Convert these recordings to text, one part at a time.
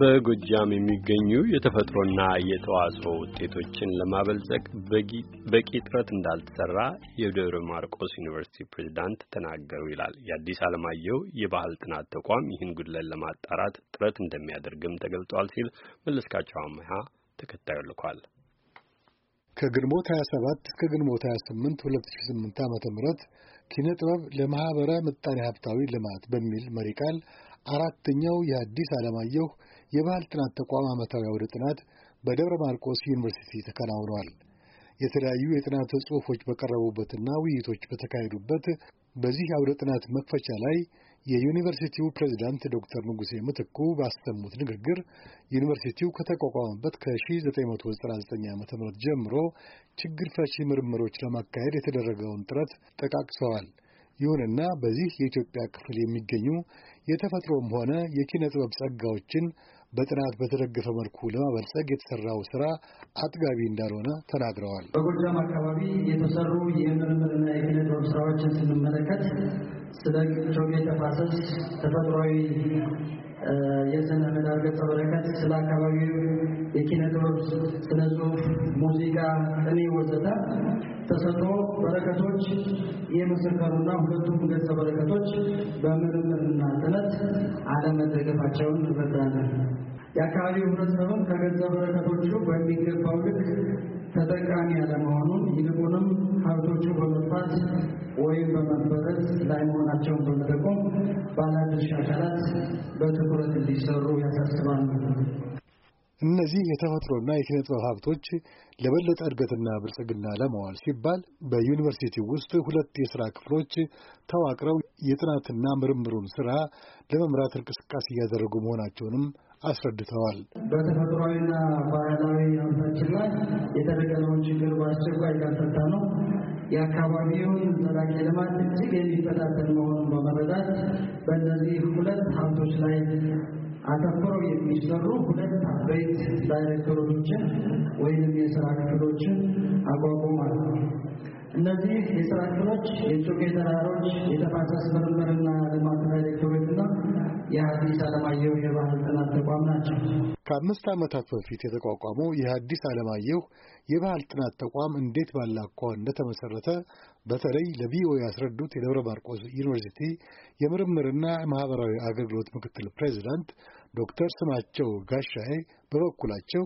በጎጃም የሚገኙ የተፈጥሮና የተዋጽኦ ውጤቶችን ለማበልጸግ በቂ ጥረት እንዳልተሰራ የደብረ ማርቆስ ዩኒቨርሲቲ ፕሬዝዳንት ተናገሩ ይላል። የአዲስ ዓለማየሁ የባህል ጥናት ተቋም ይህን ጉድለን ለማጣራት ጥረት እንደሚያደርግም ተገልጧል ሲል መለስካቸው አመሃ ተከታዩ ልኳል። ከግንቦት 27 እስከ ግንቦት 28 2008 ዓ.ም ኪነ ጥበብ ለማኅበረ ምጣኔ ሀብታዊ ልማት በሚል መሪ ቃል አራተኛው የአዲስ ዓለማየሁ የባህል ጥናት ተቋም ዓመታዊ አውደ ጥናት በደብረ ማርቆስ ዩኒቨርሲቲ ተከናውኗል። የተለያዩ የጥናት ጽሑፎች በቀረቡበትና ውይይቶች በተካሄዱበት በዚህ አውደ ጥናት መክፈቻ ላይ የዩኒቨርሲቲው ፕሬዚዳንት ዶክተር ንጉሴ ምትኩ ባሰሙት ንግግር ዩኒቨርሲቲው ከተቋቋመበት ከ1999 ዓ ም ጀምሮ ችግር ፈቺ ምርምሮች ለማካሄድ የተደረገውን ጥረት ጠቃቅሰዋል። ይሁንና በዚህ የኢትዮጵያ ክፍል የሚገኙ የተፈጥሮም ሆነ የኪነ ጥበብ ጸጋዎችን በጥናት በተደገፈ መልኩ ለማበልጸግ የተሰራው ስራ አጥጋቢ እንዳልሆነ ተናግረዋል። በጎጃም አካባቢ የተሰሩ የምርምርና የኪነ ጥበብ ስራዎችን ስንመለከት ስለ ጮቤ ተፋሰስ ተፈጥሯዊ የስነ ምህዳር ገጸ በረከት ስለ አካባቢው የኪነ ጥበብ፣ ስነ ጽሁፍ፣ ሙዚቃ፣ ቅኔ ወዘተ ተሰጥቶ በረከቶች የመሰከሩና ሁለቱም ገጸ በረከቶች በምርምርና ጥነት አለመደገፋቸውን እንረዳለን። የአካባቢው ህብረተሰብም ከገጸ በረከቶቹ በሚገባው ልክ ተጠቃሚ ያለመሆኑን ይልቁንም ሀብቶቹ በመጥፋት ወይም በመበረት ላይ መሆናቸውን በመጠቆም ባለድርሻ አካላት በትኩረት እንዲሰሩ ያሳስባሉ። እነዚህ የተፈጥሮና የኪነ ጥበብ ሀብቶች ለበለጠ እድገትና ብልጽግና ለመዋል ሲባል በዩኒቨርሲቲ ውስጥ ሁለት የሥራ ክፍሎች ተዋቅረው የጥናትና ምርምሩን ሥራ ለመምራት እንቅስቃሴ እያደረጉ መሆናቸውንም አስረድተዋል። በተፈጥሯዊና ባህላዊ ሀብታችን ላይ የተደቀነውን ችግር በአስቸኳይ ካልፈታ ነው የአካባቢውን ዘላቂ ልማት እጅግ የሚፈታተን መሆኑን በመረዳት በእነዚህ ሁለት ሀብቶች ላይ አተኩረው የሚሰሩ ሁለት አበይት ዳይሬክተሮችን ወይንም የስራ ክፍሎችን አቋቁማል። እነዚህ የስራ ክፍሎች የጮቄ ተራሮች፣ የተፋሰስ ምርምርና ልማት ዳይሬክቶሬትና የሀዲስ አለማየሁ የባህል ጥናት ተቋም ናቸው። ከአምስት ዓመታት በፊት የተቋቋመው የሀዲስ አለማየሁ የባህል ጥናት ተቋም እንዴት ባለ አኳኋን እንደተመሰረተ በተለይ ለቪኦኤ ያስረዱት የደብረ ማርቆስ ዩኒቨርሲቲ የምርምርና ማህበራዊ አገልግሎት ምክትል ፕሬዚዳንት ዶክተር ስማቸው ጋሻዬ በበኩላቸው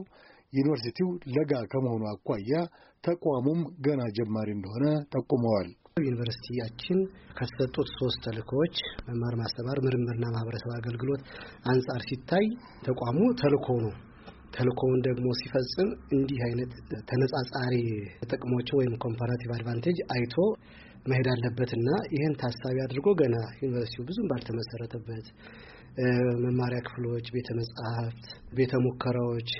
ዩኒቨርሲቲው ለጋ ከመሆኑ አኳያ ተቋሙም ገና ጀማሪ እንደሆነ ጠቁመዋል። ዩኒቨርሲቲያችን ከተሰጡት ሶስት ተልእኮዎች መማር ማስተማር፣ ምርምርና ማህበረሰብ አገልግሎት አንጻር ሲታይ ተቋሙ ተልእኮ ነው። ተልእኮውን ደግሞ ሲፈጽም እንዲህ አይነት ተነጻጻሪ ጥቅሞች ወይም ኮምፓራቲቭ አድቫንቴጅ አይቶ መሄድ አለበትና ይህን ታሳቢ አድርጎ ገና ዩኒቨርሲቲው ብዙም ባልተመሰረተበት መማሪያ ክፍሎች፣ ቤተ መጻሕፍት፣ ቤተ ሙከራዎች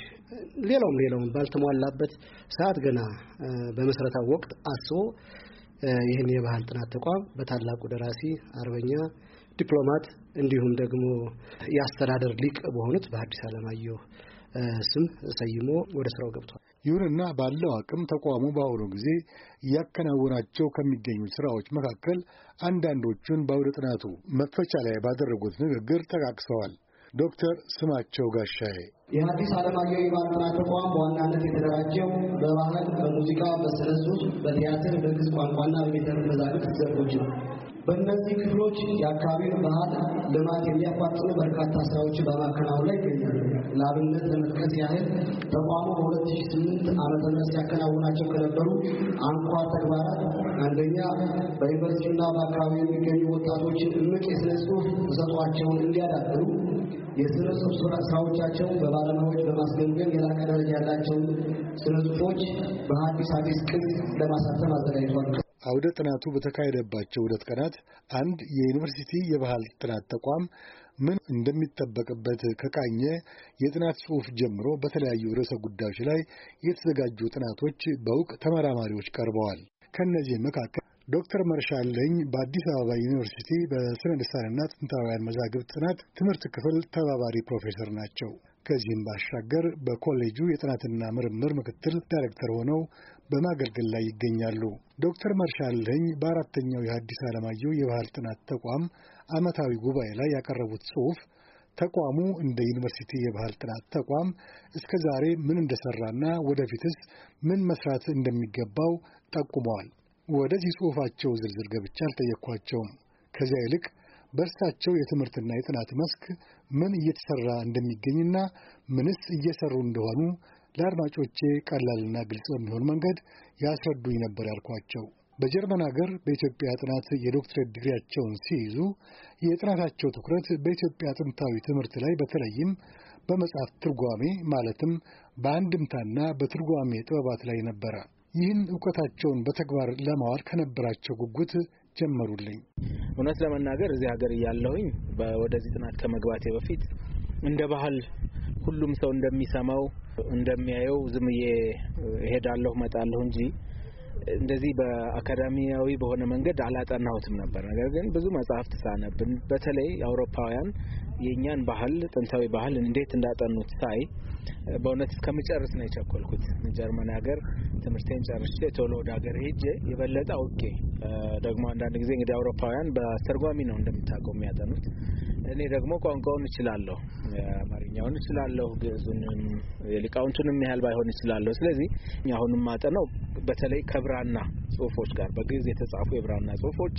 ሌላውም ሌላውም ባልተሟላበት ሰዓት ገና በመሰረታዊ ወቅት አስቦ ይህን የባህል ጥናት ተቋም በታላቁ ደራሲ፣ አርበኛ፣ ዲፕሎማት እንዲሁም ደግሞ የአስተዳደር ሊቅ በሆኑት በሐዲስ ዓለማየሁ ስም ሰይሞ ወደ ስራው ገብቷል። ይሁንና ባለው አቅም ተቋሙ በአሁኑ ጊዜ እያከናወናቸው ከሚገኙ ስራዎች መካከል አንዳንዶቹን በአውደ ጥናቱ መክፈቻ ላይ ባደረጉት ንግግር ጠቃቅሰዋል። ዶክተር ስማቸው ጋሻዬ የሐዲስ ዓለማየሁ የባልትና ተቋም በዋናነት የተደራጀው በባህል፣ በሙዚቃ፣ በስነ ጽሑፍ፣ በቲያትር፣ በግዕዝ ቋንቋና በቤተ መዛግብት ዘርፎች ነው። በእነዚህ ክፍሎች የአካባቢውን ባህል ልማት የሚያፋጥኑ በርካታ ስራዎች በማከናወን ላይ ይገኛሉ። ለአብነት ለመጥቀስ ያህል ተቋሙ በ2008 ዓመተ ምህረት ሲያከናውናቸው ከነበሩ አንኳር ተግባራት አንደኛ በዩኒቨርሲቲና በአካባቢ የሚገኙ ወጣቶችን እምቅ የስነ ጽሁፍ ተሰጧቸውን እንዲያዳብሩ የስነ ጽሁፍ ስራዎቻቸውን በባለሙያዎች በማስገምገም የላቀ ደረጃ ያላቸውን ስነ ጽሁፎች በሀዲስ አዲስ ቅጽ ለማሳተም አዘጋጅቷል። አውደ ጥናቱ በተካሄደባቸው ሁለት ቀናት አንድ የዩኒቨርሲቲ የባህል ጥናት ተቋም ምን እንደሚጠበቅበት ከቃኘ የጥናት ጽሑፍ ጀምሮ በተለያዩ ርዕሰ ጉዳዮች ላይ የተዘጋጁ ጥናቶች በእውቅ ተመራማሪዎች ቀርበዋል። ከእነዚህ መካከል ዶክተር መርሻለኝ በአዲስ አበባ ዩኒቨርሲቲ በስነ ልሳንና ጥንታውያን መዛግብት ጥናት ትምህርት ክፍል ተባባሪ ፕሮፌሰር ናቸው። ከዚህም ባሻገር በኮሌጁ የጥናትና ምርምር ምክትል ዳይሬክተር ሆነው በማገልገል ላይ ይገኛሉ። ዶክተር መርሻልህኝ በአራተኛው የሐዲስ ዓለማየሁ የባህል ጥናት ተቋም ዓመታዊ ጉባኤ ላይ ያቀረቡት ጽሑፍ ተቋሙ እንደ ዩኒቨርሲቲ የባህል ጥናት ተቋም እስከ ዛሬ ምን እንደሠራና ወደፊትስ ምን መስራት እንደሚገባው ጠቁመዋል። ወደዚህ ጽሑፋቸው ዝርዝር ገብቻ አልጠየቅኳቸውም። ከዚያ ይልቅ በእርሳቸው የትምህርትና የጥናት መስክ ምን እየተሰራ እንደሚገኝና ምንስ እየሰሩ እንደሆኑ ለአድማጮቼ ቀላልና ግልጽ በሚሆን መንገድ ያስረዱኝ ነበር ያልኳቸው። በጀርመን ሀገር በኢትዮጵያ ጥናት የዶክትሬት ዲግሪያቸውን ሲይዙ የጥናታቸው ትኩረት በኢትዮጵያ ጥንታዊ ትምህርት ላይ በተለይም በመጽሐፍ ትርጓሜ ማለትም በአንድምታና በትርጓሜ ጥበባት ላይ ነበረ። ይህን እውቀታቸውን በተግባር ለማዋል ከነበራቸው ጉጉት ጀመሩልኝ። እውነት ለመናገር እዚህ ሀገር እያለሁኝ ወደዚህ ጥናት ከመግባቴ በፊት እንደ ባህል ሁሉም ሰው እንደሚሰማው እንደሚያየው ዝምዬ እሄዳለሁ መጣለሁ እንጂ እንደዚህ በአካዳሚያዊ በሆነ መንገድ አላጠናሁትም ነበር። ነገር ግን ብዙ መጽሐፍት ሳነብን በተለይ አውሮፓውያን የእኛን ባህል ጥንታዊ ባህል እንዴት እንዳጠኑት ሳይ በእውነት እስከምጨርስ ነው የቸኮልኩት። ጀርመን ሀገር ትምህርቴን ጨርሼ ቶሎ ወደ ሀገር ሄጄ የበለጠ አውቄ ደግሞ አንዳንድ ጊዜ እንግዲህ አውሮፓውያን በአስተርጓሚ ነው እንደምታውቀው የሚያጠኑት። እኔ ደግሞ ቋንቋውን እችላለሁ፣ አማርኛውን እችላለሁ፣ ግዕዙንም የሊቃውንቱንም ያህል ባይሆን እችላለሁ። ስለዚህ አሁንም ማጠነው በተለይ ከብራና ጽሁፎች ጋር በግዕዝ የተጻፉ የብራና ጽሁፎች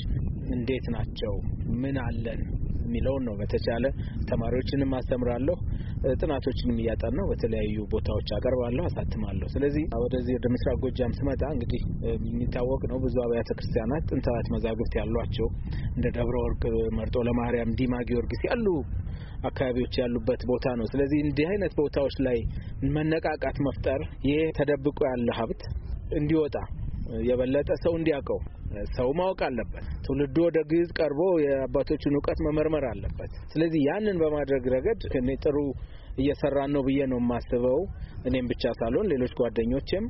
እንዴት ናቸው? ምን አለን? የሚለውን ነው። በተቻለ ተማሪዎችንም አስተምራለሁ፣ ጥናቶችንም እያጠናሁ በተለያዩ ቦታዎች አቀርባለሁ፣ አሳትማለሁ። ስለዚህ ወደዚህ ወደ ምስራቅ ጎጃም ስመጣ እንግዲህ የሚታወቅ ነው ብዙ አብያተ ክርስቲያናት ጥንታዊት መዛግብት ያሏቸው እንደ ደብረ ወርቅ፣ መርጦ ለማርያም፣ ዲማ ጊዮርጊስ ያሉ አካባቢዎች ያሉበት ቦታ ነው። ስለዚህ እንዲህ አይነት ቦታዎች ላይ መነቃቃት መፍጠር ይሄ ተደብቆ ያለ ሀብት እንዲወጣ የበለጠ ሰው እንዲያውቀው ሰው ማወቅ አለበት። ትውልዱ ወደ ግዕዝ ቀርቦ የአባቶችን እውቀት መመርመር አለበት። ስለዚህ ያንን በማድረግ ረገድ እኔ ጥሩ እየሰራን ነው ብዬ ነው የማስበው። እኔም ብቻ ሳልሆን ሌሎች ጓደኞቼም።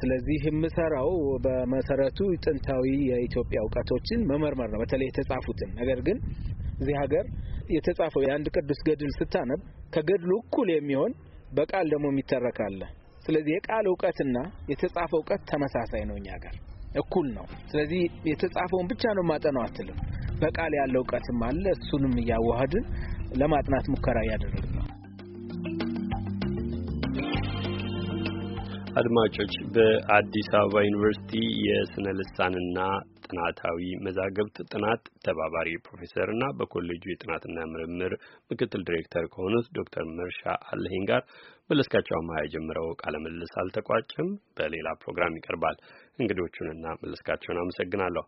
ስለዚህ የምሰራው በመሰረቱ ጥንታዊ የኢትዮጵያ እውቀቶችን መመርመር ነው፣ በተለይ የተጻፉትን። ነገር ግን እዚህ ሀገር የተጻፈው የአንድ ቅዱስ ገድል ስታነብ ከገድሉ እኩል የሚሆን በቃል ደግሞ የሚተረካለ። ስለዚህ የቃል እውቀትና የተጻፈ እውቀት ተመሳሳይ ነው እኛ ጋር። እኩል ነው። ስለዚህ የተጻፈውን ብቻ ነው ማጠናው አትልም። በቃል ያለው እውቀትም አለ። እሱንም እያዋህድን ለማጥናት ሙከራ እያደረግን ነው። አድማጮች በአዲስ አበባ ዩኒቨርሲቲ የስነ ልሳንና ጥናታዊ መዛግብት ጥናት ተባባሪ ፕሮፌሰር እና በኮሌጁ የጥናትና ምርምር ምክትል ዲሬክተር ከሆኑት ዶክተር መርሻ አለሄን ጋር መለስካቸው አማያ ጀምረው ቃለ ምልልስ አልተቋጨም። በሌላ ፕሮግራም ይቀርባል። እንግዶቹንና መለስካቸውን አመሰግናለሁ።